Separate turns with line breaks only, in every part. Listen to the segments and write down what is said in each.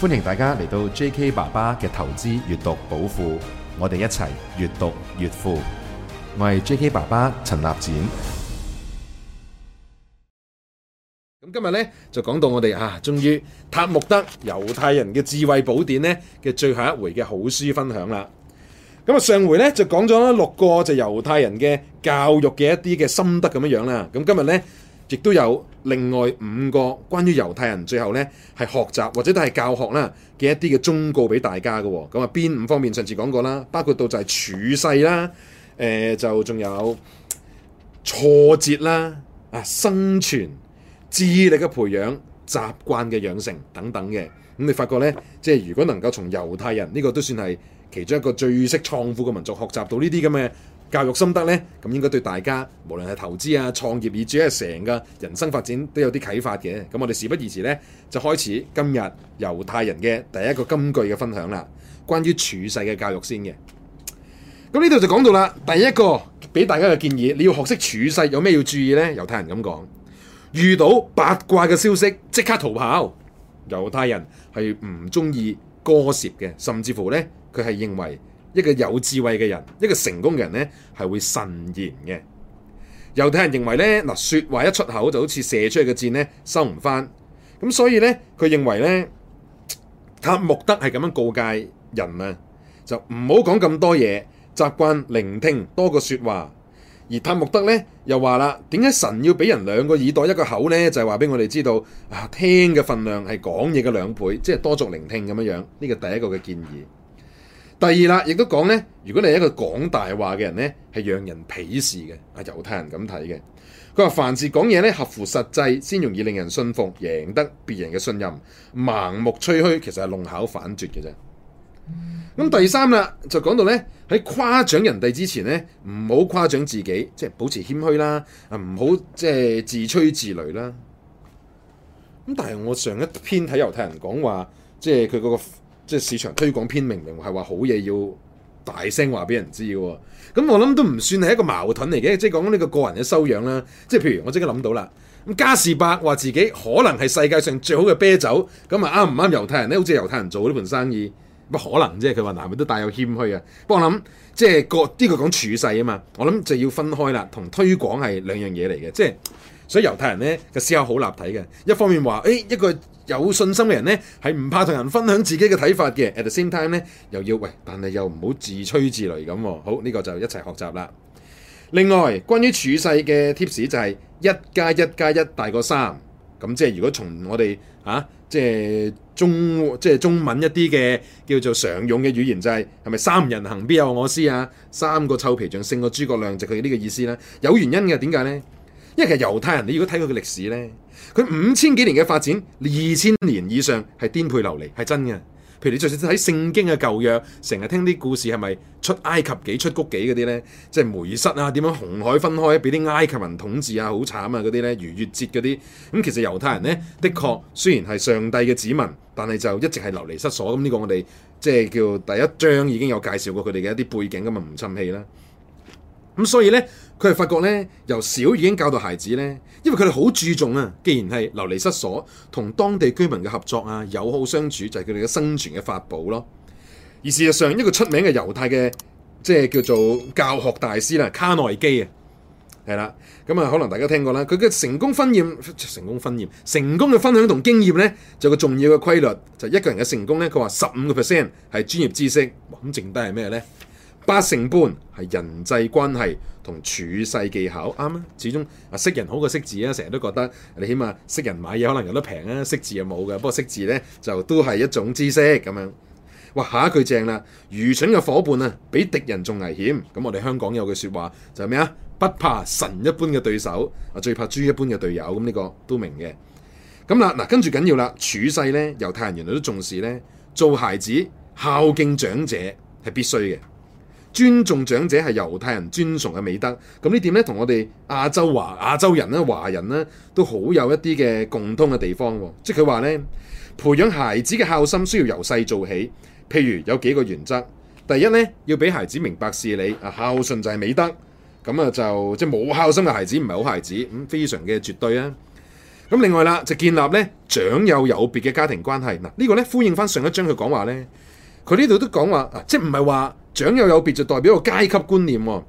歡迎大家嚟到 J.K. 爸爸嘅投資閱讀寶庫，我哋一齊閱讀越富。我係 J.K. 爸爸陳立展。咁今日呢，就講到我哋啊，終於《塔木德》猶太人嘅智慧寶典呢嘅最後一回嘅好書分享啦。咁啊，上回呢，就講咗六個就猶太人嘅教育嘅一啲嘅心得咁樣樣啦。咁今日呢。亦都有另外五個關於猶太人最後呢係學習或者都係教學啦嘅一啲嘅忠告俾大家嘅。哦，咁啊邊五方面上次講過啦，包括到就係處世啦，誒、呃、就仲有挫折啦、啊生存、智力嘅培養、習慣嘅養成等等嘅，咁你發覺呢？即係如果能夠從猶太人呢，這個都算係其中一個最識創富嘅民族學習到呢啲咁嘅。教育心得呢，咁應該對大家，無論係投資啊、創業，以至於成個人生發展都有啲啟發嘅。咁我哋事不宜遲呢就開始今日猶太人嘅第一個金句嘅分享啦。關於處世嘅教育先嘅。咁呢度就講到啦，第一個俾大家嘅建議，你要學識處世，有咩要注意呢？猶太人咁講，遇到八卦嘅消息即刻逃跑。猶太人係唔中意干舌嘅，甚至乎呢，佢係認為，一個有智慧嘅人，一個成功嘅人呢，係會慎言嘅。有啲人認為呢，嗱，說話一出口就好似射出去嘅箭呢，收唔翻。咁所以呢，佢認為呢，塔木德係咁樣告誡人啊，就唔好講咁多嘢，習慣聆聽多過說話。而塔木德呢，又話啦，點解神要俾人兩個耳朵一個口呢？就係話俾我哋知道啊，聽嘅份量係講嘢嘅兩倍，即係多做聆聽咁樣樣。呢個第一個嘅建議。第二啦，亦都講咧，如果你係一個講大話嘅人咧，係讓人鄙視嘅。阿猶太人咁睇嘅，佢話凡事講嘢咧，合乎實際先容易令人信服，贏得別人嘅信任。盲目吹噓其實係弄巧反拙嘅啫。咁第三啦，就講到咧喺誇獎人哋之前咧，唔好誇獎自己，即係保持謙虛啦，啊唔好即係自吹自擂啦。咁但係我上一篇睇猶太人講話，即係佢嗰個。即係市場推廣篇，明明係話好嘢要大聲話俾人知嘅，咁我諗都唔算係一個矛盾嚟嘅。即係講呢個個人嘅修養啦，即係譬如我即刻諗到啦，咁嘉士伯話自己可能係世界上最好嘅啤酒，咁啊啱唔啱猶太人咧？好似猶太人做呢盤生意，不可能啫。佢話難，佢都帶有謙虛啊。不過我諗，即係個呢個講處世啊嘛，我諗就要分開啦，同推廣係兩樣嘢嚟嘅。即係所以猶太人咧嘅思考好立體嘅，一方面話誒，一個。有信心嘅人呢，係唔怕同人分享自己嘅睇法嘅。At the same time，呢又要喂，但係又唔好自吹自擂咁。好，呢個就一齊學習啦。另外，關於處世嘅 tips 就係一加一加一大過三。咁即係如果從我哋啊，即係中即係中文一啲嘅叫做常用嘅語言就係係咪三人行必有我師啊？三個臭皮匠勝過諸葛亮就係佢呢個意思啦。有原因嘅，點解呢？因為其實猶太人，你如果睇佢嘅歷史咧，佢五千幾年嘅發展，二千年以上係顛沛流離，係真嘅。譬如你就算睇聖經嘅舊約，成日聽啲故事係咪出埃及記出谷記嗰啲咧，即係梅瑟啊，點樣紅海分開，俾啲埃及人統治啊，好慘啊嗰啲咧，逾越節嗰啲。咁其實猶太人咧的確雖然係上帝嘅子民，但係就一直係流離失所。咁呢個我哋即係叫第一章已經有介紹過佢哋嘅一啲背景，咁啊唔襯氣啦。咁所以咧，佢係發覺咧，由小已經教導孩子咧，因為佢哋好注重啊。既然係流離失所，同當地居民嘅合作啊，友好相處就係佢哋嘅生存嘅法寶咯。而事實上，一個出名嘅猶太嘅即係叫做教學大師啦，卡內基啊，係啦。咁、嗯、啊，可能大家聽過啦。佢嘅成功分驗，成功分驗，成功嘅分享同經驗咧，就有個重要嘅規律就是、一個人嘅成功咧。佢話十五個 percent 係專業知識，咁剩低係咩咧？八成半係人際關係同處世技巧，啱啊！始終啊，識人好過識字啊，成日都覺得你起碼識人買嘢可能有得平啊，識字又冇嘅。不過識字咧就都係一種知識咁樣。哇，下一句正啦！愚蠢嘅伙伴啊，比敵人仲危險。咁我哋香港有句説話就係咩啊？不怕神一般嘅對手，啊最怕豬一般嘅隊友。咁呢個都明嘅。咁啦，嗱，跟住緊要啦，處世咧猶太人原來都重視咧，做孩子孝敬長者係必須嘅。尊重長者係猶太人尊崇嘅美德，咁呢點咧同我哋亞洲華亞洲人咧、啊、華人咧、啊、都好有一啲嘅共通嘅地方、啊。即係佢話咧，培養孩子嘅孝心需要由細做起，譬如有幾個原則。第一咧要俾孩子明白事理，孝順就係美德。咁啊就即係冇孝心嘅孩子唔係好孩子，咁、嗯、非常嘅絕對啊。咁另外啦就建立咧長幼有，有別嘅家庭關係。嗱、呢個、呢個咧呼應翻上，上一章佢講話咧，佢呢度都講話啊，即係唔係話。長幼有，有別就代表一個階級觀念、哦。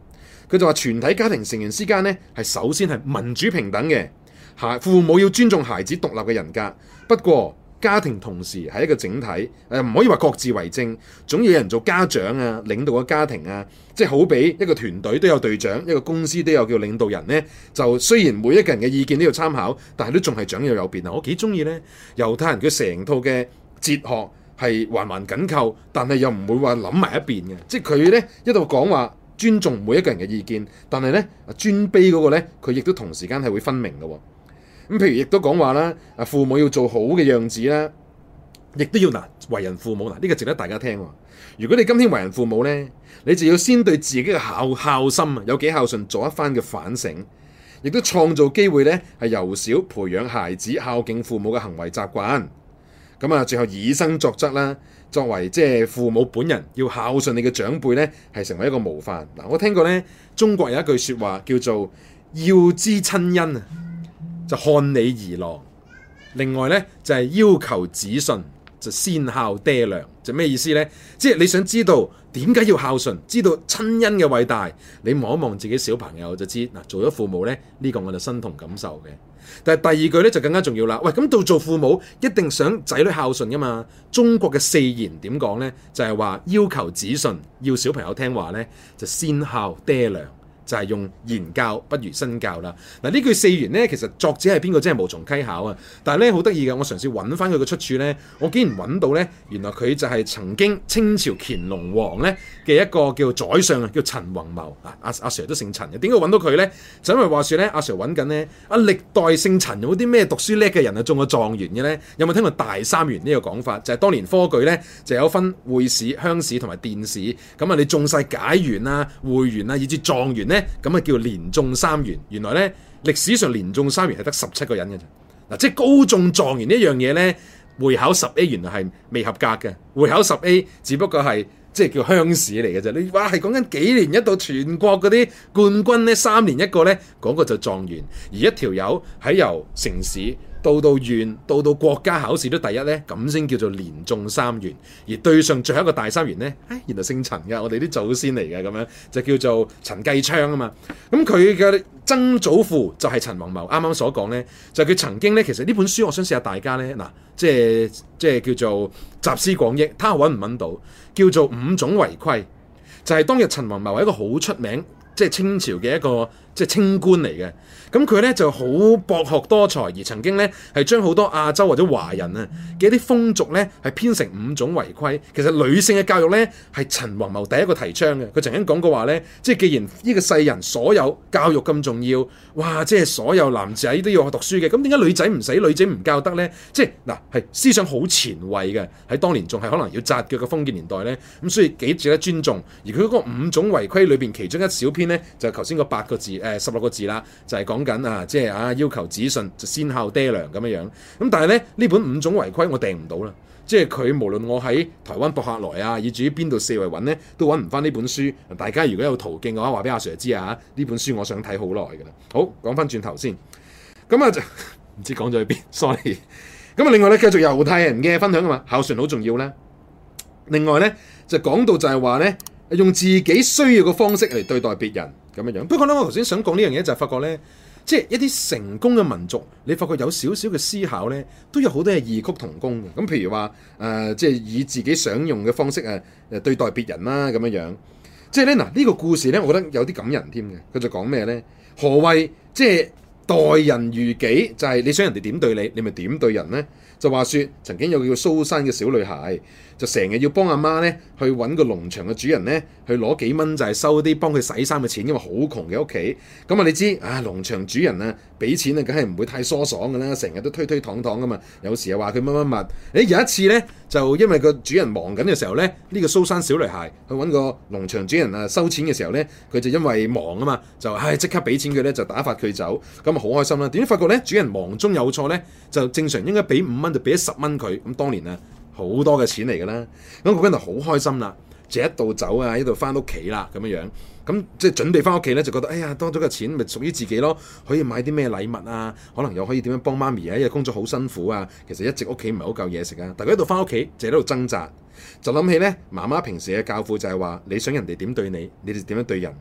佢就話：全體家庭成員之間咧，係首先係民主平等嘅。孩父母要尊重孩子獨立嘅人格。不過家庭同時係一個整體，誒、呃、唔可以話各自為政。總要有人做家長啊，領導個家庭啊。即係好比一個團隊都有隊長，一個公司都有叫領導人呢。就雖然每一個人嘅意見都要參考，但係都仲係長幼有別啊！我幾中意呢：猶太人佢成套嘅哲學。係環環緊扣，但係又唔會話諗埋一邊嘅，即係佢呢一度講話尊重每一個人嘅意見，但係呢尊卑嗰個呢，佢亦都同時間係會分明嘅哦。咁譬如亦都講話啦，父母要做好嘅樣子啦，亦都要嗱，為人父母嗱，呢個值得大家聽。如果你今天為人父母呢，你就要先對自己嘅孝孝心有幾孝順做一番嘅反省，亦都創造機會呢，係由小培養孩子孝敬父母嘅行為習慣。咁啊，最後以身作則啦，作為即係父母本人要孝順你嘅長輩咧，係成為一個模範。嗱，我聽過咧，中國有一句説話叫做要知親恩啊，就看你而落。另外咧，就係要求子順。就先孝爹娘，就咩意思呢？即係你想知道點解要孝順，知道親恩嘅偉大，你望一望自己小朋友就知。嗱，做咗父母呢，呢個我就身同感受嘅。但係第二句呢，就更加重要啦。喂，咁到做父母一定想仔女孝順噶嘛？中國嘅四言點講呢，就係話要求子順，要小朋友聽話呢，就先孝爹娘。就係用言教不如身教啦。嗱呢句四言呢，其實作者係邊個真係無從稽考啊！但係咧好得意嘅，我嘗試揾翻佢嘅出處呢，我竟然揾到呢，原來佢就係曾經清朝乾隆王呢嘅一個叫宰相啊，叫陳宏謀啊。阿、啊、阿、啊、Sir 都姓陳嘅，點解揾到佢呢？就因為話説呢，阿 Sir 揾緊呢，啊，啊，啊，啊歷代姓陳有冇啲咩讀書叻嘅人啊，中咗狀元嘅呢？有冇聽過大三元呢、這個講法？就係、是、當年科舉呢，就有分會試、鄉試同埋殿試，咁啊你中晒解元啊、會元啊，以至狀元呢。咁啊，叫做連中三元。原來呢，歷史上連中三元係得十七個人嘅啫。嗱，即係高中狀元呢樣嘢呢，會考十 A 原來係未合格嘅，會考十 A 只不過係即係叫鄉試嚟嘅啫。你話係講緊幾年一度全國嗰啲冠軍呢，三年一個呢，嗰、嗰個就狀元，而一條友喺由城市。到到縣，到到國家考試都第一呢。咁先叫做連中三元。而對上最後一個大三元呢，原來姓陳嘅，我哋啲祖先嚟嘅，咁樣就叫做陳繼昌啊嘛。咁佢嘅曾祖父就係陳宏謀，啱啱所講呢，就係佢曾經呢。其實呢本書我想試下大家呢，嗱，即係即係叫做集思廣益，睇下揾唔揾到，叫做五種違規，就係當日陳宏謀係一個好出名，即係清朝嘅一個。即係清官嚟嘅，咁佢咧就好博學多才，而曾經咧係將好多亞洲或者華人啊嘅啲風俗咧係編成五種遺規。其實女性嘅教育咧係陳宏謀第一個提倡嘅。佢曾經講過話咧，即係既然呢個世人所有教育咁重要，哇！即係所有男仔都要學讀書嘅，咁點解女仔唔使？女仔唔教得咧？即係嗱，係思想好前衛嘅，喺當年仲係可能要紮腳嘅封建年代咧，咁所以幾值得尊重。而佢嗰五種遺規裏邊其中一小篇咧，就係頭先個八個字。誒十六個字啦，就係講緊啊，即係啊，要求子順就先孝爹娘咁樣樣。咁但係咧呢本五種違規我訂唔到啦，即係佢無論我喺台灣博客來啊，以至於邊度四圍揾咧，都揾唔翻呢本書。大家如果有途徑嘅話，話俾阿 sir 知啊，呢本書我想睇好耐噶啦。好，講翻轉頭先，咁啊就唔知講咗去邊，sorry。咁啊，另外咧繼續猶太人嘅分享啊嘛，孝順好重要啦。另外咧就講到就係話咧，用自己需要嘅方式嚟對待別人。咁樣樣，不過咧，我頭先想講呢樣嘢就係、是、發覺咧，即係一啲成功嘅民族，你發覺有少少嘅思考咧，都有好多係異曲同工嘅。咁譬如話，誒、呃，即係以自己想用嘅方式誒誒、呃呃、對待別人啦、啊，咁樣樣。即係咧嗱，呢、這個故事咧，我覺得有啲感人添嘅。佢就講咩咧？何謂即係待人如己？就係、是、你想人哋點對你，你咪點對人咧？就話説曾經有個叫蘇珊嘅小女孩。就成日要幫阿媽咧，去揾個農場嘅主人咧，去攞幾蚊就係收啲幫佢洗衫嘅錢，因為好窮嘅屋企。咁啊，你知啊，農場主人啊，俾錢啊，梗係唔會太疏爽嘅啦，成日都推推搪搪噶嘛。有時又話佢乜乜乜。誒、欸、有一次呢，就因為個主人忙緊嘅時候呢，呢、這個蘇珊小女孩去揾個農場主人啊收錢嘅時候呢，佢就因為忙啊嘛，就唉、哎、即刻俾錢佢呢，就打發佢走。咁啊好開心啦。點解發覺呢？主人忙中有錯呢，就正常應該俾五蚊就俾十蚊佢。咁當年啊。好多嘅錢嚟㗎啦，咁佢跟住好開心啦，就一度走啊，一度翻屋企啦，咁樣樣，咁即係準備翻屋企咧，就覺得哎呀，多咗個錢咪屬於自己咯，可以買啲咩禮物啊，可能又可以點樣幫媽咪啊，因為工作好辛苦啊，其實一直屋企唔係好夠嘢食啊，但係佢一度翻屋企，就喺度掙扎，就諗起咧媽媽平時嘅教父就係話，你想人哋點對你，你哋點樣對人。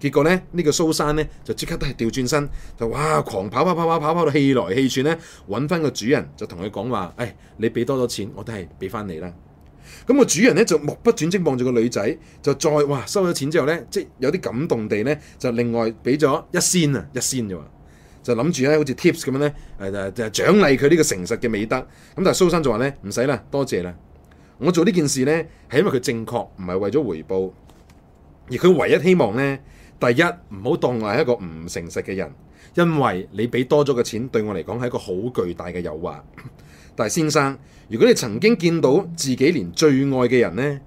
結果咧，呢、這個蘇珊咧就即刻都係調轉身，就哇狂跑跑跑跑跑，跑，跑跑到氣來氣喘咧，揾翻個主人就同佢講話，誒、哎，你俾多咗錢，我都係俾翻你啦。咁、嗯、個主人咧就目不轉睛望住個女仔，就再哇收咗錢之後咧，即有啲感動地咧，就另外俾咗一仙啊，一仙啫嘛，就諗住咧好似 tips 咁樣咧，誒誒誒獎勵佢呢個誠實嘅美德。咁但係蘇珊就話咧唔使啦，多謝啦，我做呢件事咧係因為佢正確，唔係為咗回報。而佢唯一希望呢，第一唔好當我係一個唔誠實嘅人，因為你俾多咗嘅錢對我嚟講係一個好巨大嘅誘惑。但係先生，如果你曾經見到自己連最愛嘅人呢，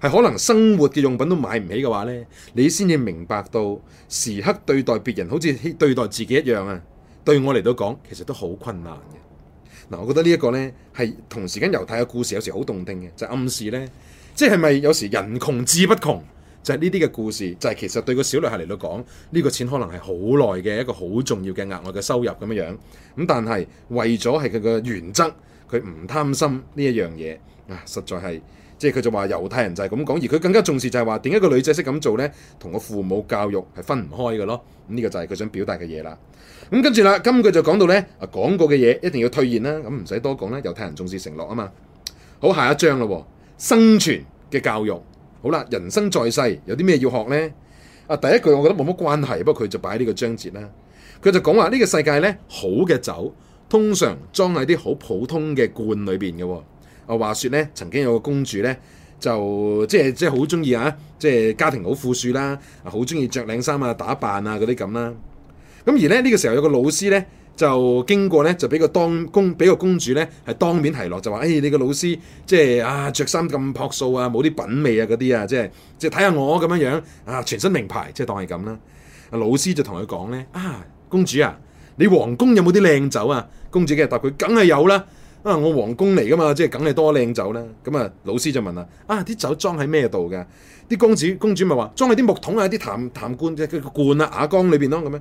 係可能生活嘅用品都買唔起嘅話呢，你先至明白到時刻對待別人好似對待自己一樣啊！對我嚟到講，其實都好困難嘅。嗱，我覺得呢一個呢，係同時間猶太嘅故事有時好動聽嘅，就暗示呢，即係咪有時人窮志不窮？就係呢啲嘅故事，就係、是、其實對個小女孩嚟到講，呢、這個錢可能係好耐嘅一個好重要嘅額外嘅收入咁樣樣。咁但係為咗係佢嘅原則，佢唔貪心呢一樣嘢啊，實在係即係佢就話、是、猶太人就係咁講，而佢更加重視就係話點解個女仔識咁做呢，同個父母教育係分唔開嘅咯。咁、這、呢個就係佢想表達嘅嘢啦。咁、嗯、跟住啦，今句就講到呢啊，講過嘅嘢一定要兌現啦，咁唔使多講啦，猶太人重視承諾啊嘛。好，下一章咯，生存嘅教育。好啦，人生在世有啲咩要學呢？啊，第一句我覺得冇乜關係，不過佢就擺呢個章節啦。佢就講話呢個世界呢，好嘅酒通常裝喺啲好普通嘅罐裏邊嘅喎。啊，話說呢，曾經有個公主呢，就即係即係好中意啊，即係家庭好富庶啦，啊，好中意着靚衫啊、打扮啊嗰啲咁啦。咁而呢，呢個時候有個老師呢。就經過咧，就俾個當公俾個公主咧，係當面提落就話：誒、欸、你個老師即係啊，著衫咁樸素啊，冇啲品味啊嗰啲啊，即係即係睇下我咁樣樣啊，全身名牌即係當係咁啦。老師就同佢講咧：啊公主啊，公主啊，你皇宮有冇啲靚酒啊？公主嘅答佢：梗係有啦，啊我皇宮嚟噶嘛，即係梗係多靚酒啦。咁啊，老師就問啦：啊啲酒裝喺咩度㗎？啲公主公主咪話：裝喺啲木桶啊，啲痰壇罐即係個罐啊，瓦缸裏邊咯咁樣。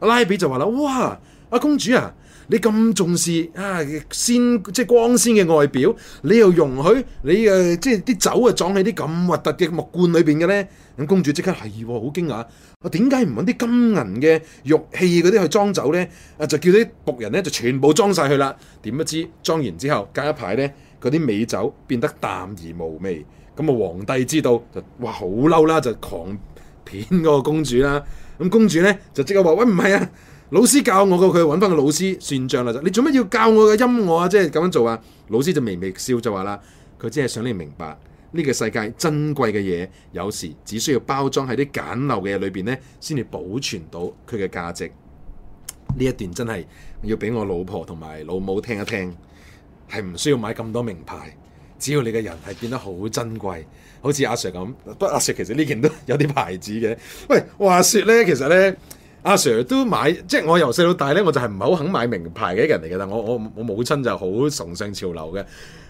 拉比就話啦：哇！啊，公主啊，你咁重視啊鮮即係光鮮嘅外表，你又容許你誒、呃、即係啲酒啊裝喺啲咁核突嘅木罐裏邊嘅咧？咁公主即刻係好、哎、驚訝，我點解唔揾啲金銀嘅玉器嗰啲去裝酒咧？啊，就叫啲僕人咧就全部裝晒去啦。點不知裝完之後隔一排咧，嗰啲美酒變得淡而無味。咁啊，皇帝知道就哇，好嬲啦，就狂騙嗰個公主啦。咁、啊、公主咧就即刻話：喂唔係啊！老師教我嘅，佢揾翻個老師算賬啦。你做乜要教我嘅音樂啊？即係咁樣做啊？老師就微微笑就話啦，佢真係想你明白呢個世界珍貴嘅嘢，有時只需要包裝喺啲簡陋嘅嘢裏邊呢，先至保存到佢嘅價值。呢一段真係要俾我老婆同埋老母聽一聽，係唔需要買咁多名牌，只要你嘅人係變得好珍貴，好似阿 Sir 咁。不過阿 Sir 其實呢件都有啲牌子嘅。喂，話說呢，其實呢……阿、啊、Sir 都買，即係我由細到大咧，我就係唔係好肯買名牌嘅一個人嚟嘅。但我我我母親就好崇尚潮流嘅。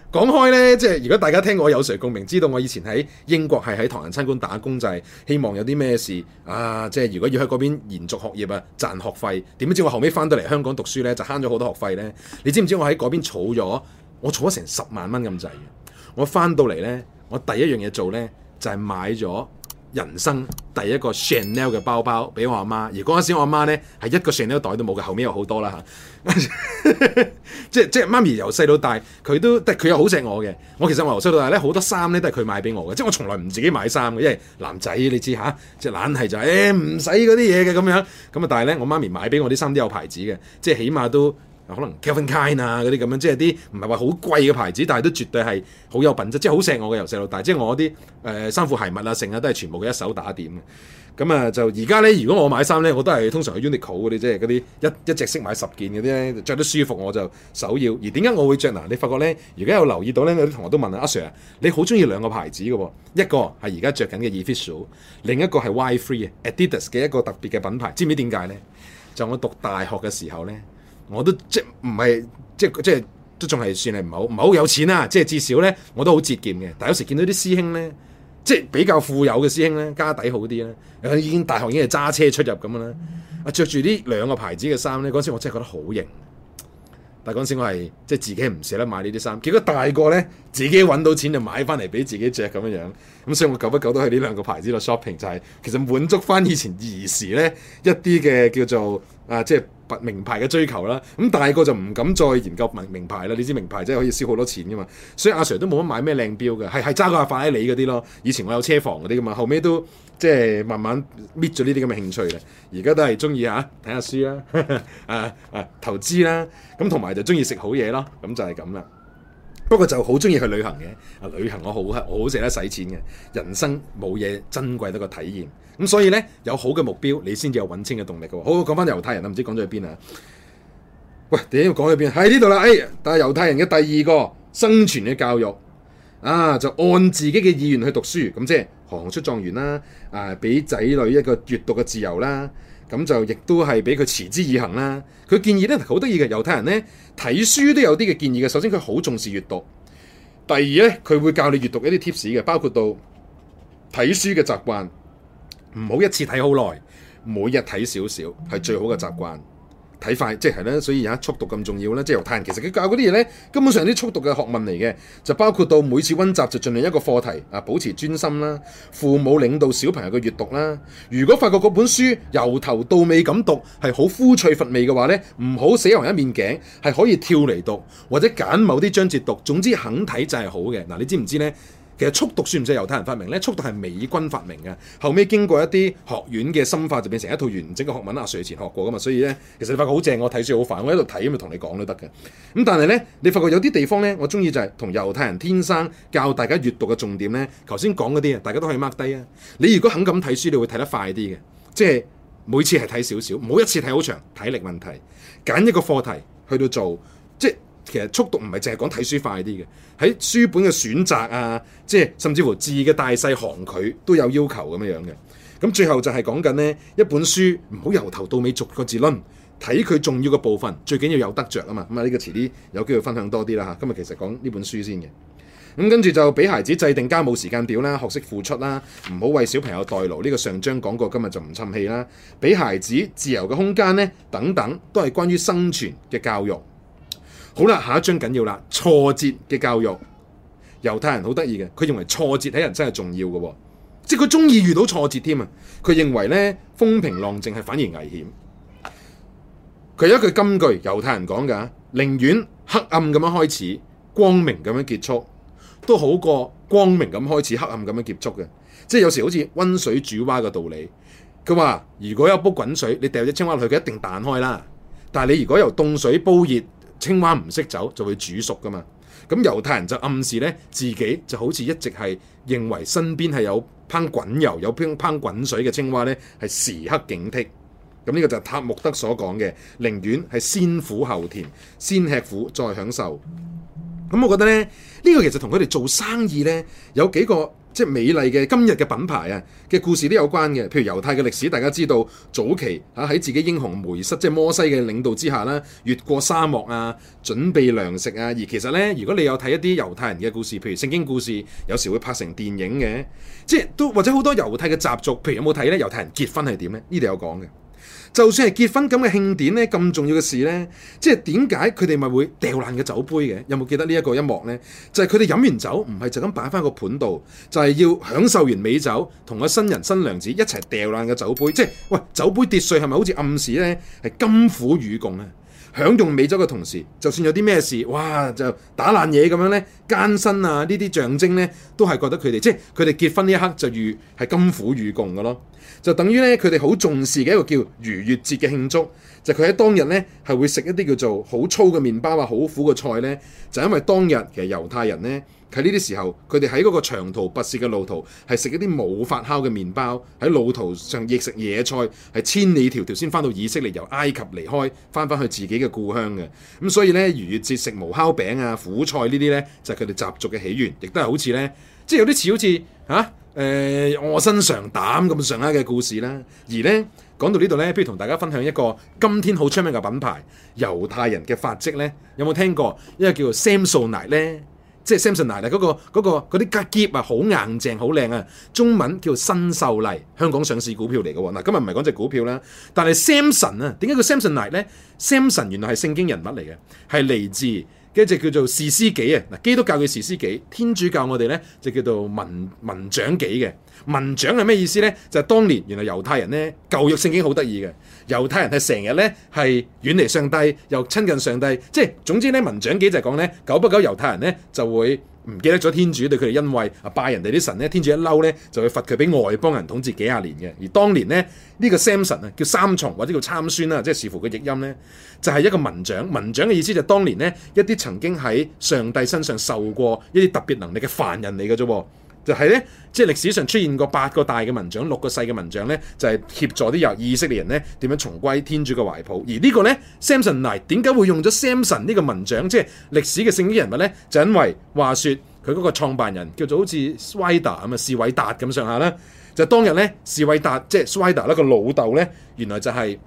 講開呢，即係如果大家聽我有誰共鳴，知道我以前喺英國係喺唐人餐館打工，就係希望有啲咩事啊，即係如果要去嗰邊延續學業啊，賺學費。點知我後尾翻到嚟香港讀書呢，就慳咗好多學費呢。你知唔知我喺嗰邊儲咗，我儲咗成十萬蚊咁滯。我翻到嚟呢，我第一樣嘢做呢，就係買咗人生第一個 Chanel 嘅包包俾我阿媽，而嗰陣時我阿媽咧係一個 Chanel 袋都冇嘅，後面有好多啦嚇， 即係即係媽咪由細到大佢都，但佢又好錫我嘅。我其實我由細到大咧好多衫咧都係佢買俾我嘅，即係我從來唔自己買衫嘅，因為男仔你知吓，即係懶係就誒唔使嗰啲嘢嘅咁樣，咁啊但係咧我媽咪買俾我啲衫都有牌子嘅，即係起碼都。可能、Calvin Klein 啊嗰啲咁樣，即係啲唔係話好貴嘅牌子，但係都絕對係好有品質，即係好錫我嘅由細到大，即係我啲誒衫褲鞋襪啊剩啊都係全部嘅一手打點嘅。咁啊，就而家咧，如果我買衫咧，我都係通常去 Uniqlo 嗰啲，即係嗰啲一一隻色買十件嗰啲咧，着得舒服我就首要。而點解我會着？嗱？你發覺咧，而家有留意到咧，有啲同學都問啊，阿 Sir，啊：「你好中意兩個牌子嘅喎，一個係而家着緊嘅 Evisu 另一個係 Y-3 Adidas 嘅一個特別嘅品牌，知唔知點解咧？就我讀大學嘅時候咧。我都即係唔係即係即係都仲係算係唔好，唔係好有錢啦、啊。即係至少咧，我都好節儉嘅。但有時見到啲師兄咧，即係比較富有嘅師兄咧，家底好啲咧，有已經大學已經係揸車出入咁樣啦。啊，著住呢兩個牌子嘅衫咧，嗰時我真係覺得好型。但嗰時我係即係自己唔捨得買呢啲衫，結果大個咧自己揾到錢就買翻嚟俾自己着咁樣樣。咁、嗯、所以我久不久都喺呢兩個牌子度 shopping，就係、係、其實滿足翻以前兒時咧一啲嘅叫做啊，即係名牌嘅追求啦。咁、嗯、大個就唔敢再研究名名牌啦。你知名牌真係可以燒好多錢噶嘛。所以阿 Sir 都冇乜買咩靚表嘅，係係揸個阿法拉利嗰啲咯。以前我有車房嗰啲咁嘛，後尾都即係慢慢搣咗呢啲咁嘅興趣啦。而家都係中意嚇睇下看看書啦， 啊啊，啊投資啦，咁同埋就中意食好嘢咯。咁就係咁啦。不過就好中意去旅行嘅。啊旅行我好我好捨得使錢嘅，人生冇嘢珍貴得個體驗。咁所以咧有好嘅目標，你先至有揾錢嘅動力嘅。好，講翻猶太人，唔知講咗去邊啊？喂，點解要講去邊？喺呢度啦，哎，但係猶太人嘅第二個生存嘅教育，啊就按自己嘅意願去讀書，咁即係行行出狀元啦，啊俾仔女一個閱讀嘅自由啦。咁就亦都係俾佢持之以恒啦。佢建議咧，好得意嘅猶太人咧睇書都有啲嘅建議嘅。首先佢好重視閱讀，第二咧佢會教你閱讀一啲 tips 嘅，包括到睇書嘅習慣，唔好一次睇好耐，每日睇少少係最好嘅習慣。睇法即係咧，所以而家速讀咁重要咧，即係猶太人。其實佢教嗰啲嘢咧，根本上啲速讀嘅學問嚟嘅，就包括到每次溫習就盡量一個課題啊，保持專心啦。父母領導小朋友嘅閱讀啦，如果發覺嗰本書由頭到尾咁讀係好枯燥乏味嘅話咧，唔好死埋一面頸，係可以跳嚟讀或者揀某啲章節讀。總之肯睇就係好嘅。嗱，你知唔知咧？其實速讀算唔算係猶太人發明咧？速讀係美軍發明嘅。後尾經過一啲學院嘅深化，就變成一套完整嘅學問。阿瑞以前學過噶嘛，所以咧，其實你發覺好正，我睇書好煩，我喺度睇咁咪同你講都得嘅。咁但係咧，你發覺有啲地方咧，我中意就係同猶太人天生教大家閱讀嘅重點咧。頭先講嗰啲啊，大家都可以 mark 低啊。你如果肯咁睇書，你會睇得快啲嘅。即係每次係睇少少，唔好一次睇好長，體力問題。揀一個課題去到做，即係。其實速讀唔係淨係講睇書快啲嘅，喺書本嘅選擇啊，即係甚至乎字嘅大細行距都有要求咁樣樣嘅。咁最後就係講緊呢一本書唔好由頭到尾逐個字攆，睇佢重要嘅部分，最緊要有得着啊嘛。咁啊呢個遲啲有機會分享多啲啦。今日其實講呢本書先嘅，咁跟住就俾孩子制定家務時間表啦，學識付出啦，唔好為小朋友代勞。呢個上章講過，今日就唔侵氣啦。俾孩子自由嘅空間呢等等都係關於生存嘅教育。好啦，下一章緊要啦。挫折嘅教育，猶太人好得意嘅，佢認為挫折喺人生係重要嘅，哦，即係佢中意遇到挫折添啊。佢認為咧，風平浪靜係反而危險。佢有一句金句，猶太人講噶，寧願黑暗咁樣開始，光明咁樣結束，都好過光明咁開始，黑暗咁樣結束嘅。即係有時好似温水煮蛙嘅道理佢話。如果有煲滾水，你掉隻青蛙落去，佢一定彈開啦。但係你如果由凍水煲熱，青蛙唔識走就會煮熟噶嘛，咁猶太人就暗示咧自己就好似一直係認為身邊係有烹滾油、有烹烹滾水嘅青蛙咧，係時刻警惕。咁呢個就塔木德所講嘅，寧願係先苦後甜，先吃苦再享受。咁我覺得咧，呢、呢個其實同佢哋做生意咧有幾個。即係美麗嘅今日嘅品牌啊嘅故事都有關嘅，譬如猶太嘅歷史，大家知道早期嚇喺自己英雄梅瑟即係摩西嘅領導之下啦，越過沙漠啊，準備糧食啊。而其實呢，如果你有睇一啲猶太人嘅故事，譬如聖經故事，有時會拍成電影嘅，即係都或者好多猶太嘅習俗，譬如有冇睇呢？猶太人結婚係點呢？呢度有講嘅。就算係結婚咁嘅慶典呢，咁重要嘅事呢，即係點解佢哋咪會掉爛嘅酒杯嘅？有冇記得呢一個一幕呢？就係佢哋飲完酒，唔係就咁擺翻個盤度，就係要享受完美酒，同個新人新娘子一齊掉爛嘅酒杯。即係喂，酒杯跌碎係咪好似暗示呢？係甘苦與共呢？享用美洲嘅同時，就算有啲咩事，哇就打爛嘢咁樣咧，艱辛啊，呢啲象徵咧，都係覺得佢哋即係佢哋結婚呢一刻就遇係甘苦與共嘅咯，就等於咧佢哋好重視嘅一個叫逾越節嘅慶祝，就佢喺當日咧係會食一啲叫做好粗嘅麵包啊，好苦嘅菜咧，就因為當日其實猶太人咧。喺呢啲時候，佢哋喺嗰個長途跋涉嘅路途，係食一啲冇發酵嘅麵包，喺路途上亦食野菜，係千里迢迢先翻到以色列由埃及離開，翻翻去自己嘅故鄉嘅。咁、嗯、所以呢，逾越節食無烤餅啊、苦菜呢啲呢，就係佢哋習俗嘅起源，亦都係好似呢，即、就、係、是、有啲似好似吓，誒卧薪嘗膽咁上下嘅故事啦。而呢，講到呢度呢，不如同大家分享一個今天好出名嘅品牌——猶太人嘅發跡呢。有冇聽過？一個叫做 Samsonite 咧。即係 Samsonite 嗰、嗰個嗰啲夾結啊，好、嗰個、硬淨，好靚啊！中文叫新秀麗，香港上市股票嚟嘅喎。嗱，今日唔係講隻股票啦，但係 Samson 啊，點解叫 Samsonite 咧 Samson 原來係聖經人物嚟嘅，係嚟自一隻叫做士師記啊。嗱，基督教嘅士師記，天主教我哋咧就叫做文文長記嘅。文長係咩意思呢？就係、是、當年原來猶太人咧舊約聖經好得意嘅，猶太人係成日呢，係遠離上帝又親近上帝，即係總之呢，文長記就係講呢，久不久猶太人呢，就會唔記得咗天主對佢哋恩惠啊，拜人哋啲神呢，天主一嬲呢，就會罰佢俾外邦人統治幾廿年嘅。而當年呢，呢、這個 Samson 啊叫三重或者叫參孫啊，即係視乎個譯音呢，就係、是、一個文長。文長嘅意思就當年呢，一啲曾經喺上帝身上受過一啲特別能力嘅凡人嚟嘅啫。就係咧，即係歷史上出現過八個大嘅文章，六個細嘅文章咧，就係、是、協助啲猶以色列人咧點樣重歸天主嘅懷抱。而個呢個咧，Samson 嚟，點解會用咗 Samson 呢個文章？即係歷史嘅聖經人物咧，就因為話說佢嗰個創辦人叫做好似 Swider 咁啊，士偉達咁上下啦。就當日咧，士偉達即係 Swider 咧個老豆咧，原來就係、是。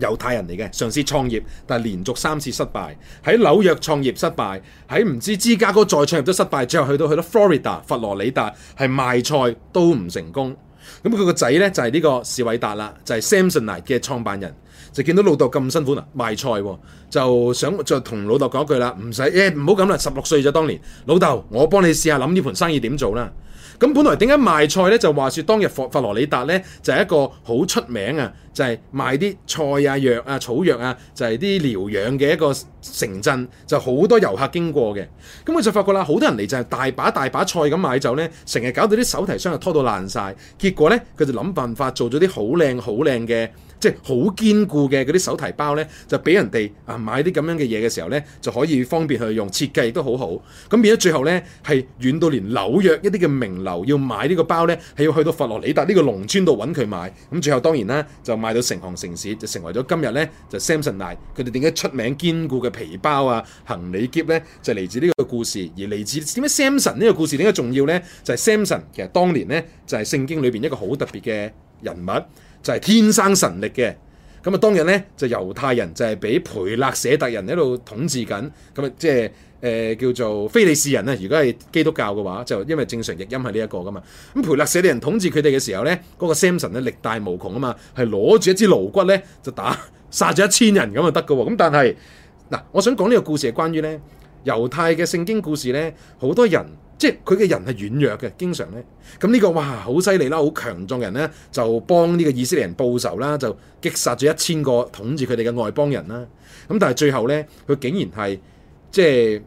猶太人嚟嘅，嘗試創業，但係連續三次失敗。喺紐約創業失敗，喺唔知芝加哥再創業都失敗，之後去到去到 Florida 佛羅里達係賣菜都唔成功。咁佢個仔呢，就係、是、呢個士偉達啦，就係、是、Samsonite 嘅創辦人，就見到老豆咁辛苦啊賣菜、哦，就想再同老豆講句啦，唔使誒唔好咁啦，十、欸、六歲咗當年，老豆我幫你試下諗呢盤生意點做啦。咁本來點解賣菜咧？就話說當日佛佛羅里達咧，就係一個好出名啊！就係賣啲菜啊、藥啊、草藥啊，就係啲療養嘅一個。城鎮就好多遊客經過嘅，咁佢就發覺啦，好多人嚟就係大把大把菜咁買走呢，成日搞到啲手提箱就拖到爛晒。結果呢，佢就諗辦法做咗啲好靚好靚嘅，即係好堅固嘅嗰啲手提包呢，就俾人哋啊買啲咁樣嘅嘢嘅時候呢，就可以方便去用，設計都好好。咁變咗最後呢，係遠到連紐約一啲嘅名流要買呢個包呢，係要去到佛羅里達呢個農村度揾佢買。咁最後當然啦，就賣到成行城市，就成為咗今日呢，就 Samsonite 佢哋點解出名堅固嘅？皮包啊，行李篋咧就嚟、是、自呢個故事，而嚟自點解 Samson 呢個故事點解重要咧？就係、是、Samson 其實當年咧就係、是、聖經裏邊一個好特別嘅人物，就係、是、天生神力嘅。咁啊，當日咧就猶太人就係俾培勒舍特人喺度統治緊，咁啊即係誒叫做非利士人啊。如果係基督教嘅話，就因為正常譯音係呢一個噶嘛。咁培勒舍特人統治佢哋嘅時候咧，嗰、那個 Samson 咧力大無窮啊嘛，係攞住一支驢骨咧就打殺咗一千人咁就得嘅喎。咁但係嗱，我想講呢個故事係關於咧猶太嘅聖經故事咧，好多人即係佢嘅人係軟弱嘅，經常咧咁呢、呢個哇好犀利啦，好強壯人咧就幫呢個以色列人報仇啦，就擊殺咗一千個統治佢哋嘅外邦人啦。咁但係最後咧，佢竟然係即係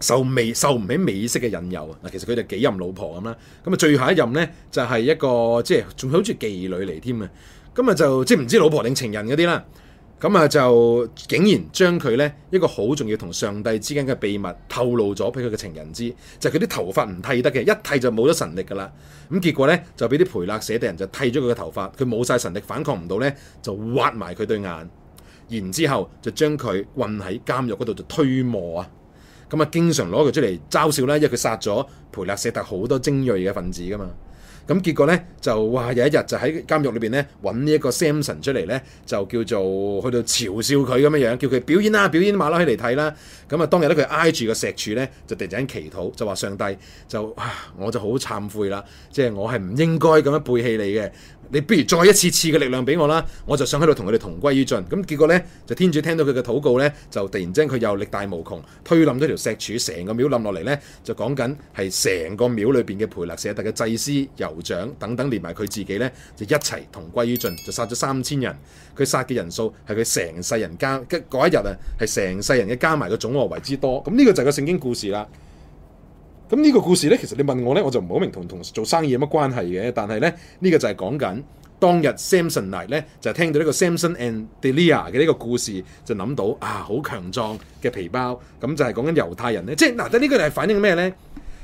受美受唔起美色嘅引誘啊！嗱，其實佢哋幾任老婆咁啦，咁啊最後一任咧就係、是、一個即係仲好似妓女嚟添啊，咁啊就即係唔知老婆定情人嗰啲啦。咁啊，就竟然將佢呢一個好重要同上帝之間嘅秘密透露咗俾佢嘅情人知，就佢、係、啲頭髮唔剃得嘅，一剃就冇咗神力噶啦。咁結果呢，就俾啲培勒舍特人就剃咗佢嘅頭髮，佢冇晒神力反抗唔到呢，就挖埋佢對眼，然之後就將佢困喺監獄嗰度就推磨啊。咁啊，經常攞佢出嚟嘲笑啦，因為佢殺咗培勒舍特好多精鋭嘅分子噶嘛。咁結果咧，就哇，有一日就喺監獄裏邊咧，揾呢一個 Samson 出嚟咧，就叫做去到嘲笑佢咁樣樣，叫佢表演啦，表演啲馬拉起嚟睇啦。咁啊當日咧，佢挨住個石柱咧，就突然間祈禱，就話上帝就啊，我就好懺悔啦，即係我係唔應該咁樣背棄你嘅。你不如再一次次嘅力量俾我啦，我就想喺度同佢哋同歸於盡。咁結果呢，就天主聽到佢嘅禱告呢，就突然間佢又力大無窮，推冧咗條石柱，成個廟冧落嚟呢就講緊係成個廟裏邊嘅培勒舍特嘅祭司、酋長等等，連埋佢自己呢，就一齊同歸於盡，就殺咗三千人。佢殺嘅人數係佢成世人加，嗰一日啊，係成世人嘅加埋嘅總和為之多。咁呢個就係個聖經故事啦。咁呢個故事咧，其實你問我咧，我就唔好明同同做生意有乜關係嘅。但係咧，呢、這個就係講緊當日 Samson Knight 咧，就係聽到呢個 Samson and Delia 嘅呢個故事，就諗到啊，好強壯嘅皮包，咁、嗯、就係講緊猶太人咧。即係嗱，得、這、呢個係反映咩咧？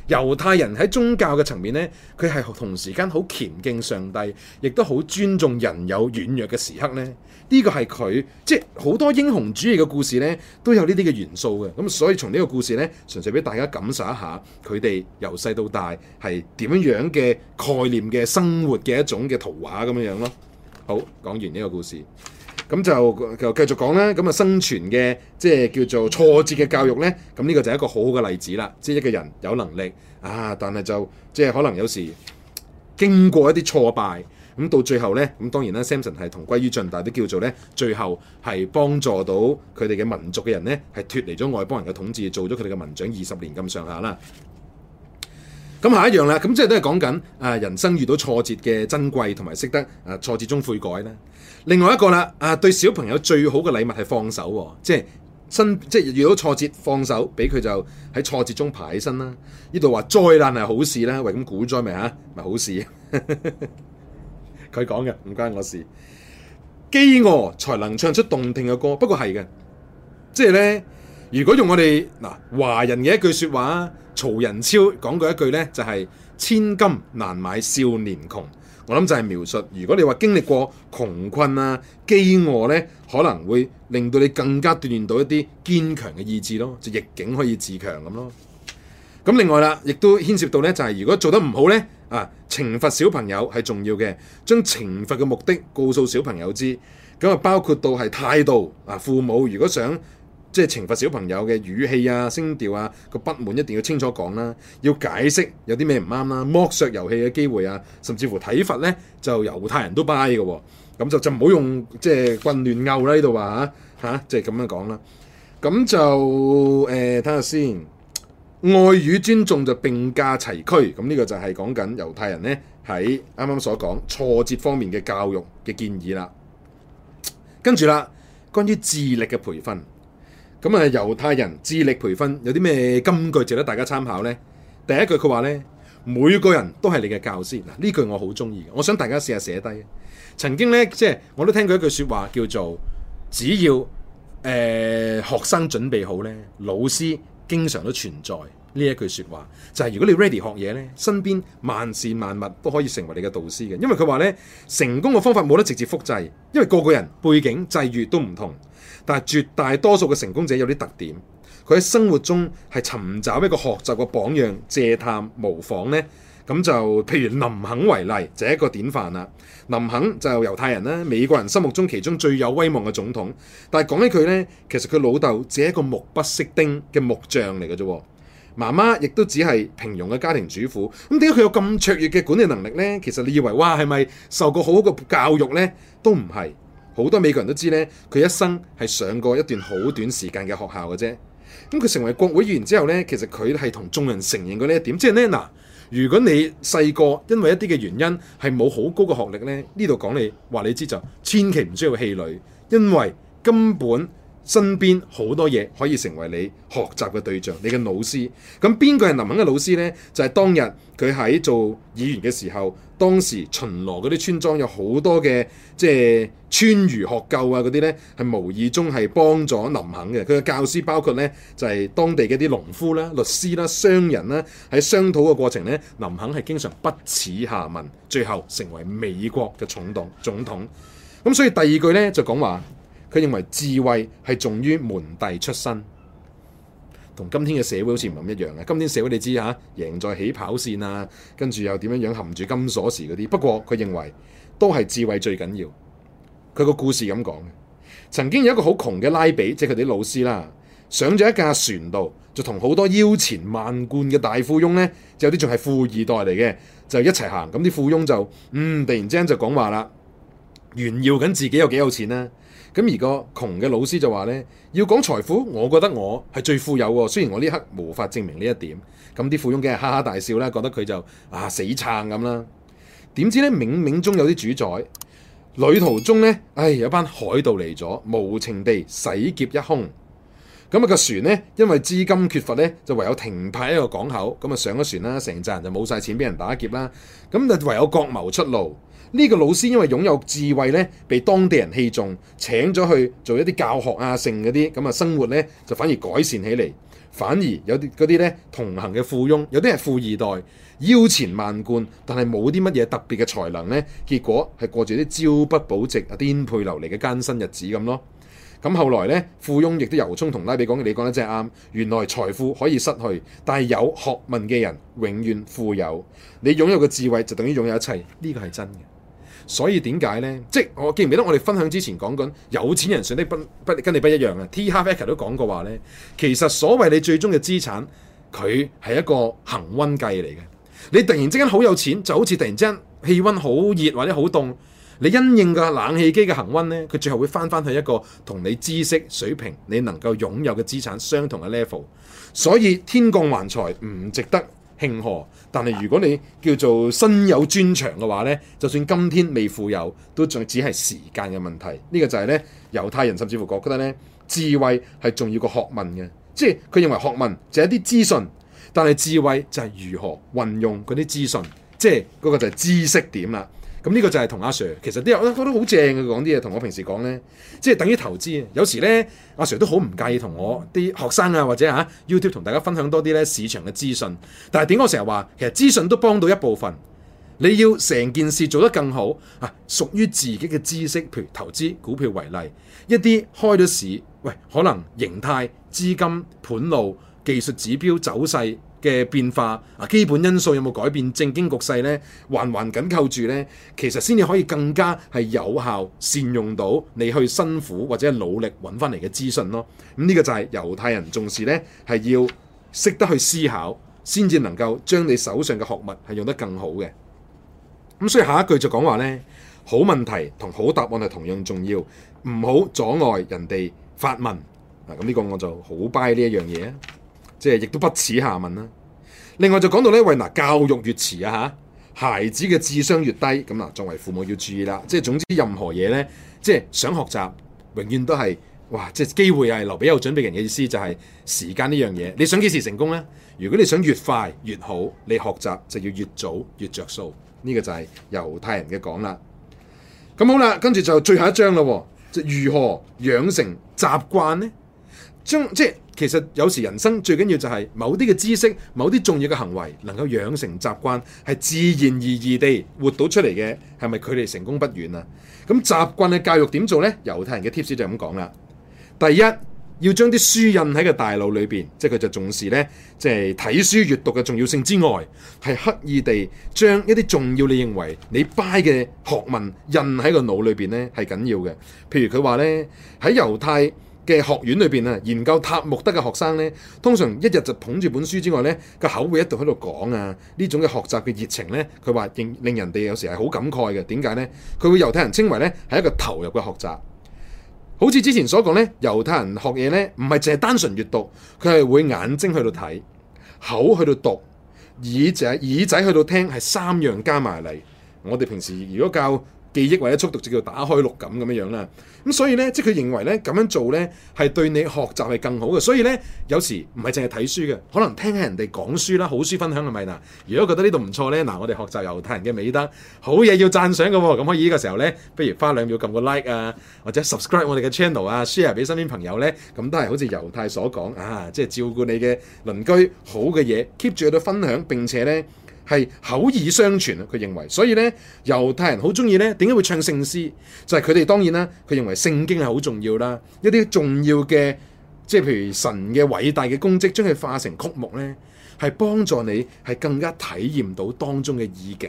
猶太人喺宗教嘅層面咧，佢係同時間好虔敬上帝，亦都好尊重人有軟弱嘅時刻咧。呢個係佢即係好多英雄主義嘅故事呢，都有呢啲嘅元素嘅，咁所以從呢個故事呢，純粹俾大家感受一下佢哋由細到大係點樣樣嘅概念嘅生活嘅一種嘅圖畫咁樣樣咯。好，講完呢個故事，咁就就繼續講啦。咁啊，生存嘅即係叫做挫折嘅教育呢，咁呢個就係一個好好嘅例子啦。即係一個人有能力啊，但係就即係可能有時經過一啲挫敗。咁到最後呢，咁當然啦 Samson 係同歸於盡，但係都叫做呢，最後係幫助到佢哋嘅民族嘅人呢，係脫離咗外邦人嘅統治，做咗佢哋嘅民長二十年咁上下啦。咁、嗯、下一樣啦，咁即係都係講緊啊人生遇到挫折嘅珍貴，同埋識得啊挫折中悔改啦。另外一個啦，啊對小朋友最好嘅禮物係放手，哦、即係身即係遇到挫折放手，俾佢就喺挫折中爬起身啦。呢度話災難係好事啦，喂咁估災未？嚇咪好事。 佢講嘅唔關我事，飢餓才能唱出動聽嘅歌。不過係嘅，即係咧，如果用我哋嗱華人嘅一句説話，曹仁超講過一句咧，就係千金難買少年窮。我諗就係描述，如果你話經歷過窮困啊、飢餓咧，可能會令到你更加鍛鍊到一啲堅強嘅意志咯，就逆境可以自強咁咯。咁另外啦，亦都牽涉到咧，就係如果做得唔好咧。啊！懲罰小朋友係重要嘅，將懲罰嘅目的告訴小朋友知，咁啊包括到係態度啊。父母如果想即係懲罰小朋友嘅語氣啊、聲調啊個不滿，一定要清楚講啦，要解釋有啲咩唔啱啦，剝削遊戲嘅機會啊，甚至乎體罰咧就猶太人都 buy 嘅喎、啊，咁就就唔好用即係棍亂拗啦呢度話嚇嚇，即係咁樣講啦。咁、啊啊、就誒睇下先。愛與尊重就並駕齊驅，咁呢個就係講緊猶太人呢喺啱啱所講挫折方面嘅教育嘅建議啦。跟住啦，關於智力嘅培訓，咁啊猶太人智力培訓有啲咩金句值得大家參考呢？第一句佢話呢：「每個人都係你嘅教師。」嗱呢句我好中意，我想大家試下寫低。曾經呢，即係我都聽過一句說話叫做只要誒、呃、學生準備好呢，老師。經常都存在呢一句說話，就係、是、如果你 ready 學嘢咧，身邊萬事萬物都可以成為你嘅導師嘅，因為佢話咧，成功嘅方法冇得直接複製，因為個個人背景際遇都唔同，但係絕大多數嘅成功者有啲特點，佢喺生活中係尋找一個學習嘅榜樣，借鑑模仿咧。咁就譬如林肯為例，就一個典範啦。林肯就猶太人啦，美國人心目中其中最有威望嘅總統。但係講起佢呢，其實佢老豆只係一個目不識丁嘅木匠嚟嘅啫，媽媽亦都只係平庸嘅家庭主婦。咁點解佢有咁卓越嘅管理能力呢？其實你以為哇，係咪受過好好嘅教育呢？都唔係。好多美國人都知呢，佢一生係上過一段好短時間嘅學校嘅啫。咁佢成為國會議員之後呢，其實佢係同眾人承認過呢一點，即係咧嗱。如果你細個因為一啲嘅原因係冇好高嘅學歷咧，呢度講你話你知，就千祈唔需要氣餒，因為根本，身邊好多嘢可以成為你學習嘅對象，你嘅老師。咁邊個係林肯嘅老師呢？就係、是、當日佢喺做議員嘅時候，當時巡邏嗰啲村莊有好多嘅即係村儒學舊啊嗰啲呢，係無意中係幫咗林肯嘅。佢嘅教師包括呢，就係、是、當地嘅啲農夫啦、啊、律師啦、啊、商人啦、啊，喺商討嘅過程呢，林肯係經常不恥下問，最後成為美國嘅重棟總統。咁所以第二句呢，就講話。佢認為智慧係重於門第出身，同今天嘅社會好似唔係咁一樣啊！今天社會你知啊，贏在起跑線啊，跟住又點樣樣含住金鎖匙嗰啲。不過佢認為都係智慧最緊要。佢個故事咁講嘅，曾經有一個好窮嘅拉比，即係佢哋啲老師啦，上咗一架船度，就同好多腰纏萬貫嘅大富翁咧，就有啲仲係富二代嚟嘅，就一齊行。咁啲富翁就嗯，突然之間就講話啦，炫耀緊自己有幾有錢啦。咁而個窮嘅老師就話咧，要講財富，我覺得我係最富有喎。雖然我呢刻無法證明呢一點。咁啲富翁梗係哈哈大笑啦，覺得佢就啊死撐咁啦。點知咧，冥冥中有啲主宰，旅途中咧，唉，有班海盜嚟咗，無情地洗劫一空。咁、那、啊個船咧，因為資金缺乏咧，就唯有停泊喺一個港口。咁啊，上咗船啦，成扎人就冇晒錢俾人打劫啦。咁就唯有各謀出路。呢個老師因為擁有智慧呢，被當地人器重，請咗去做一啲教學啊，性嗰啲咁啊，生活呢，就反而改善起嚟。反而有啲嗰啲呢同行嘅富翁，有啲係富二代，腰纏萬貫，但係冇啲乜嘢特別嘅才能呢，結果係過住啲朝不保夕啊、顛沛流離嘅艱辛日子咁咯。咁後來呢，富翁亦都由衷同拉比講：你講得真係啱，原來財富可以失去，但係有學問嘅人永遠富有。你擁有嘅智慧就等於擁有一切，呢個係真嘅。所以點解呢？即我記唔記得我哋分享之前講緊有錢人上你不不跟你不一樣啊？T Harv Eker 都講過話呢，其實所謂你最終嘅資產，佢係一個恆溫計嚟嘅。你突然之間好有錢，就好似突然之間氣溫好熱或者好凍，你因應個冷氣機嘅恆溫呢，佢最後會返返去一個同你知識水平、你能夠擁有嘅資產相同嘅 level。所以天降橫財唔值得慶賀，但係如果你叫做身有專長嘅話咧，就算今天未富有，都仲只係時間嘅問題。呢、這個就係咧猶太人甚至乎覺得咧，智慧係重要過學問嘅，即係佢認為學問就係一啲資訊，但係智慧就係如何運用嗰啲資訊，即係嗰個就係知識點啦。咁呢個就係同阿 Sir，其實啲我覺得好正嘅講啲嘢，同我平時講呢，即係等於投資。有時呢，阿 Sir 都好唔介意同我啲學生啊，或者嚇、啊、YouTube 同大家分享多啲呢市場嘅資訊。但係點解我成日話，其實資訊都幫到一部分。你要成件事做得更好啊，屬於自己嘅知識，譬如投資股票為例，一啲開咗市，喂，可能形態、資金、盤路、技術指標、走勢嘅變化啊，基本因素有冇改變？政經局勢呢，環環緊扣住呢。其實先至可以更加係有效善用到你去辛苦或者努力揾翻嚟嘅資訊咯。咁、嗯、呢、呢個就係猶太人重視呢，係要識得去思考，先至能夠將你手上嘅學物係用得更好嘅。咁、嗯、所以下一句就講話呢：「好問題同好答案係同樣重要，唔好阻礙人哋發問啊！」咁、嗯、呢、呢個我就好 buy 呢一樣嘢啊。即係亦都不恥下問啦。另外就講到呢，為嗱教育越遲啊吓，孩子嘅智商越低。咁嗱，作為父母要注意啦。即係總之任何嘢呢，即係想學習，永遠都係哇！即係機會係留俾有準備人嘅意思，就係時間呢樣嘢。你想幾時成功呢？如果你想越快越好，你學習就要越早越着數。呢個就係猶太人嘅講啦。咁好啦，跟住就最後一章咯。就如何養成習慣呢？將即其實有時人生最緊要就係某啲嘅知識、某啲重要嘅行為，能夠養成習慣，係自然而然地活到出嚟嘅，係咪距離成功不遠啊？咁習慣嘅教育點做呢？猶太人嘅 tips 就咁講啦。第一，要將啲書印喺個大腦裏邊，即係佢就重視呢，即係睇書閱讀嘅重要性之外，係刻意地將一啲重要你認為你 buy 嘅學問印喺個腦裏邊呢，係緊要嘅。譬如佢話呢，喺猶太。嘅學院裏邊啊，研究塔木德嘅學生呢，通常一日就捧住本書之外呢，個口會一度喺度講啊。呢種嘅學習嘅熱情呢，佢話令令人哋有時係好感慨嘅。點解呢？佢會猶太人稱為呢係一個投入嘅學習。好似之前所講呢，猶太人學嘢呢唔係淨係單純閱讀，佢係會眼睛去到睇，口去到讀，耳仔耳仔去到聽，係三樣加埋嚟。我哋平時如果教記憶或者速讀就叫打開六感咁樣樣啦，咁所以呢，即係佢認為呢，咁樣做呢，係對你學習係更好嘅，所以呢，有時唔係淨係睇書嘅，可能聽下人哋講書啦，好書分享係咪嗱？如果覺得呢度唔錯呢，嗱我哋學習猶太人嘅美德，好嘢要讚賞嘅喎、哦，咁可以呢個時候呢，不如花兩秒撳個 like 啊，或者 subscribe 我哋嘅 channel 啊，share 俾身邊朋友呢。咁都係好似猶太所講啊，即係照顧你嘅鄰居，好嘅嘢 keep 住喺度分享並且呢。係口耳相傳啊，佢認為，所以咧猶太人好中意咧，點解會唱聖詩？就係佢哋當然啦，佢認為聖經係好重要啦，一啲重要嘅，即係譬如神嘅偉大嘅功績，將佢化成曲目咧，係幫助你係更加體驗到當中嘅意境。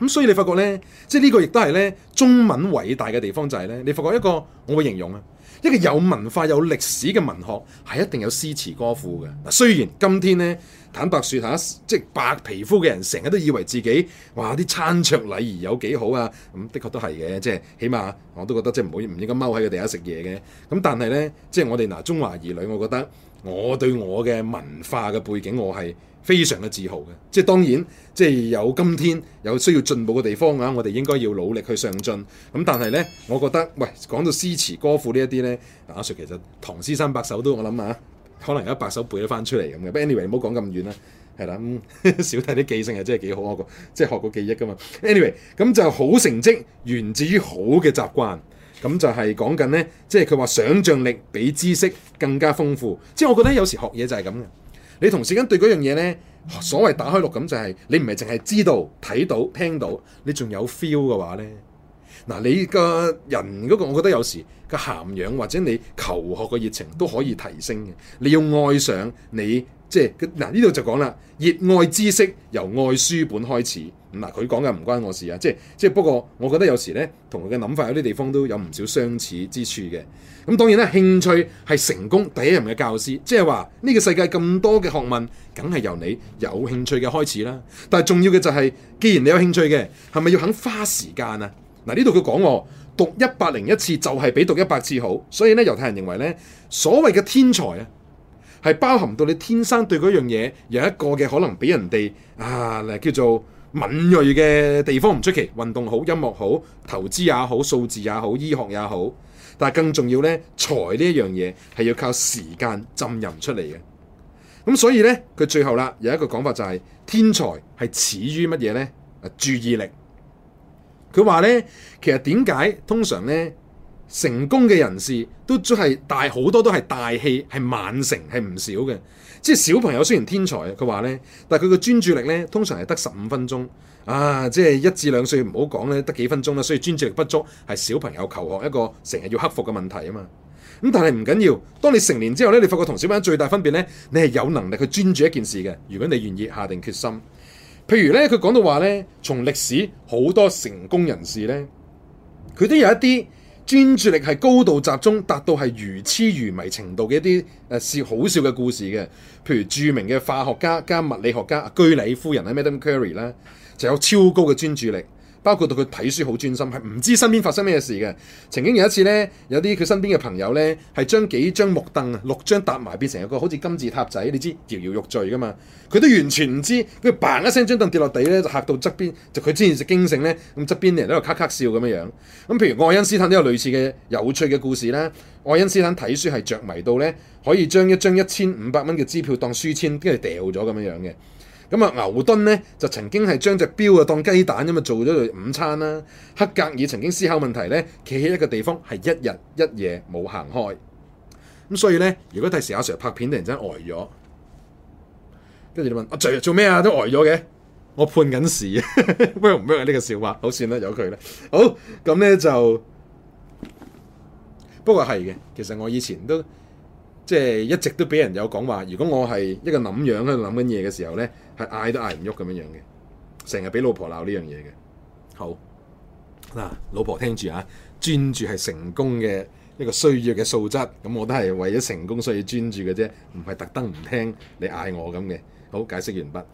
咁所以你發覺咧，即係呢個亦都係咧中文偉大嘅地方就係咧，你發覺一個我會形容啊，一個有文化有歷史嘅文學係一定有詩詞歌賦嘅嗱，雖然今天咧。坦白說下，即係白皮膚嘅人，成日都以為自己哇啲餐桌禮儀有幾好啊！咁、嗯、的確都係嘅，即係起碼我都覺得即係唔好唔應該踎喺佢地下食嘢嘅。咁、嗯、但係咧，即係我哋嗱中華兒女，我覺得我對我嘅文化嘅背景，我係非常嘅自豪嘅。即係當然，即係有今天有需要進步嘅地方啊，我哋應該要努力去上進。咁、嗯、但係咧，我覺得喂，講到詩詞歌賦呢一啲咧，阿、啊、叔其實唐詩三百首都我諗下、啊。可能有一百首背咗翻出嚟咁嘅。but anyway 唔好講咁遠啦，係啦、嗯，小弟啲記性係真係幾好，我覺即係學過記憶噶嘛。anyway 咁就好成績源自於好嘅習慣，咁就係講緊咧，即係佢話想像力比知識更加豐富，即係我覺得有時學嘢就係咁嘅，你同時間對嗰樣嘢咧，所謂打開六咁，就係你唔係淨係知道睇到聽到，你仲有 feel 嘅話咧。嗱，你個人嗰個，我覺得有時個涵養或者你求學嘅熱情都可以提升嘅。你要愛上你即係嗱，呢度就講啦，熱愛知識由愛書本開始。嗱，佢講嘅唔關我事啊，即係即係不過，我覺得有時咧，同佢嘅諗法有啲地方都有唔少相似之處嘅。咁當然啦，興趣係成功第一任嘅教師，即係話呢個世界咁多嘅學問，梗係由你有興趣嘅開始啦。但係重要嘅就係，既然你有興趣嘅，係咪要肯花時間啊？嗱，呢度佢講，我讀一百零一次就係比讀一百次好，所以咧猶太人認為咧所謂嘅天才啊係包含到你天生對嗰樣嘢有一個嘅可能比人哋啊叫做敏銳嘅地方唔出奇，運動好、音樂好、投資也好、數字也好、醫學也好，但係更重要咧，才呢一樣嘢係要靠時間浸淫出嚟嘅，咁所以咧佢最後啦有一個講法就係天才係始於乜嘢咧？注意力。佢話咧，其實點解通常咧成功嘅人士都即係大好多都係大器，係晚成，係唔少嘅。即係小朋友雖然天才，佢話咧，但係佢個專注力咧通常係得十五分鐘啊！即係一至兩歲唔好講咧，得幾分鐘啦，所以專注力不足係小朋友求學一個成日要克服嘅問題啊嘛。咁但係唔緊要，當你成年之後咧，你發覺同小朋友最大分別咧，你係有能力去專注一件事嘅。如果你願意下定決心。譬如咧，佢講到話咧，從歷史好多成功人士咧，佢都有一啲專注力係高度集中，達到係如痴如迷程度嘅一啲誒笑好笑嘅故事嘅。譬如著名嘅化學家加物理學家居里夫人咧，Madam Curie 啦，就有超高嘅專注力。包括到佢睇書好專心，係唔知身邊發生咩事嘅。曾經有一次呢，有啲佢身邊嘅朋友呢，係將幾張木凳啊，六張搭埋變成一個好似金字塔仔，你知搖搖欲墜噶嘛，佢都完全唔知。跟住嘭一聲將凳跌落地呢就嚇到側邊，就佢之前就驚醒呢，咁側邊人喺度咔咔笑咁樣樣。咁譬如愛因斯坦都有類似嘅有趣嘅故事啦。愛因斯坦睇書係着迷到呢，可以將一張一千五百蚊嘅支票當書籤，跟住掉咗咁樣樣嘅。咁啊牛頓咧就曾經係將隻表啊當雞蛋咁啊做咗佢午餐啦，黑格爾曾經思考問題咧，企喺一個地方係一日一夜冇行開。咁所以咧，如果第時阿 Sir 拍片突然間呆咗，跟住你問：我做做咩啊？都呆咗嘅，我判緊時，咩唔咩啊？呢個笑話好算啦，由佢啦。好，咁咧就，不過係嘅，其實我以前都。即係一直都俾人有講話，如果我係一個諗樣喺度諗緊嘢嘅時候咧，係嗌都嗌唔喐咁樣樣嘅，成日俾老婆鬧呢樣嘢嘅。好嗱、啊，老婆聽住啊，專注係成功嘅一個需要嘅素質，咁我都係為咗成功需要專注嘅啫，唔係特登唔聽你嗌我咁嘅。好，解釋完畢。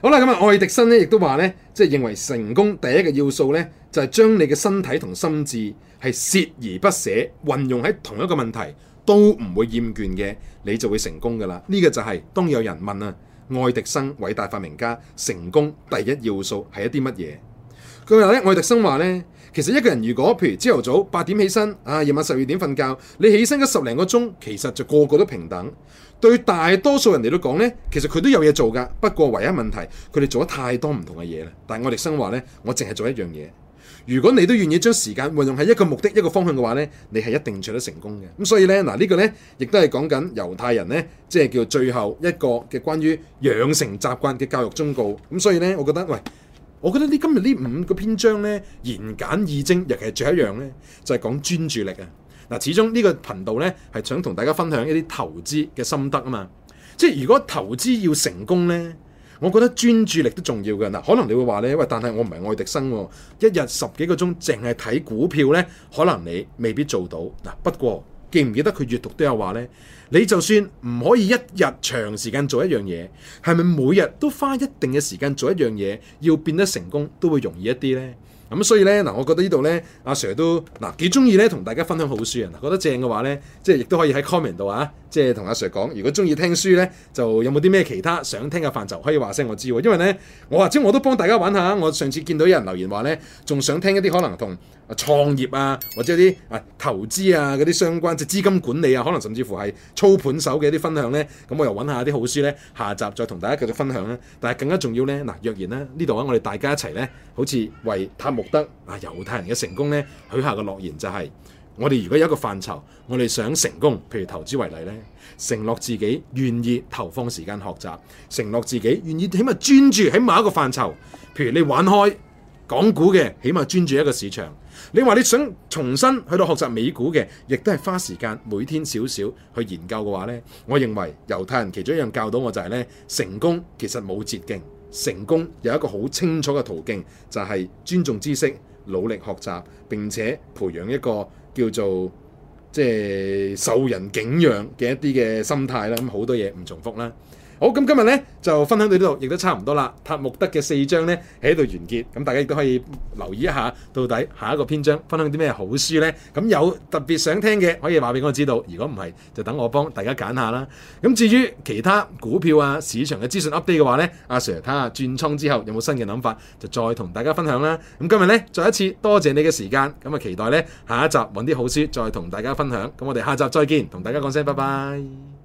好啦，咁啊，愛迪生咧亦都話咧，即係認為成功第一個要素咧，就係、是、將你嘅身體同心智係鍥而不捨運用喺同一個問題。都唔會厭倦嘅，你就會成功噶啦。呢個就係，當有人問啊，愛迪生偉大發明家成功第一要素係一啲乜嘢？佢話呢，愛迪生話呢，其實一個人如果譬如朝頭早八點起身，啊夜晚十二點瞓覺，你起身咗十零個鐘，其實就個個都平等。對大多數人嚟都講呢，其實佢都有嘢做噶。不過唯一問題，佢哋做咗太多唔同嘅嘢啦。但係愛迪生話呢，我淨係做一樣嘢。如果你都願意將時間運用喺一個目的、一個方向嘅話咧，你係一定取得成功嘅。咁所以咧，嗱、這個、呢個咧亦都係講緊猶太人咧，即係叫做最後一個嘅關於養成習慣嘅教育忠告。咁所以咧，我覺得，喂，我覺得呢今日呢五個篇章咧，言簡意精，尤其係最一樣咧就係講專注力啊。嗱，始終呢個頻道咧係想同大家分享一啲投資嘅心得啊嘛。即係如果投資要成功咧。我覺得專注力都重要嘅嗱。可能你會話咧，喂，但係我唔係愛迪生喎，一日十幾個鐘淨係睇股票咧，可能你未必做到嗱。不過記唔記得佢閱讀都有話咧，你就算唔可以一日長時間做一樣嘢，係咪每日都花一定嘅時間做一樣嘢，要變得成功都會容易一啲咧？咁所以咧嗱，我覺得呢度咧，阿、啊、Sir 都嗱、啊、幾中意咧，同大家分享好書啊！覺得正嘅話咧，即係亦都可以喺 comment 度啊，即係同阿 Sir 講。如果中意聽書咧，就有冇啲咩其他想聽嘅範疇，可以話聲我知喎。因為咧，我或者我都幫大家揾下。我上次見到有人留言話咧，仲想聽一啲可能同啊！創業啊，或者啲啊投資啊嗰啲相關即係資金管理啊，可能甚至乎係操盤手嘅一啲分享呢。咁我又揾下啲好書呢，下集再同大家繼續分享啦。但係更加重要呢，嗱若然咧呢度咧，我哋大家一齊呢，好似為塔木德啊猶太人嘅成功呢，許下個諾言就係、是、我哋如果有一個範疇，我哋想成功，譬如投資為例呢，承諾自己願意投放時間學習，承諾自己願意起碼專注喺某一個範疇，譬如你玩開港股嘅，起碼專注一個市場。你話你想重新去到學習美股嘅，亦都係花時間每天少少去研究嘅話呢。我認為猶太人其中一樣教到我就係呢：成功其實冇捷徑，成功有一個好清楚嘅途徑就係尊重知識、努力學習並且培養一個叫做即係受人敬仰嘅一啲嘅心態啦。咁好多嘢唔重複啦。好，咁今日咧就分享到呢度，亦都差唔多啦。塔木德嘅四章咧喺度完結，咁大家亦都可以留意一下，到底下一個篇章分享啲咩好書呢？咁有特別想聽嘅，可以話俾我知道。如果唔係，就等我幫大家揀下啦。咁至於其他股票啊、市場嘅資訊 update 嘅話呢，阿 Sir 睇下轉倉之後有冇新嘅諗法，就再同大家分享啦。咁今日呢，再一次多謝你嘅時間，咁啊期待呢，下一集揾啲好書再同大家分享。咁我哋下集再見，同大家講聲拜拜。Bye bye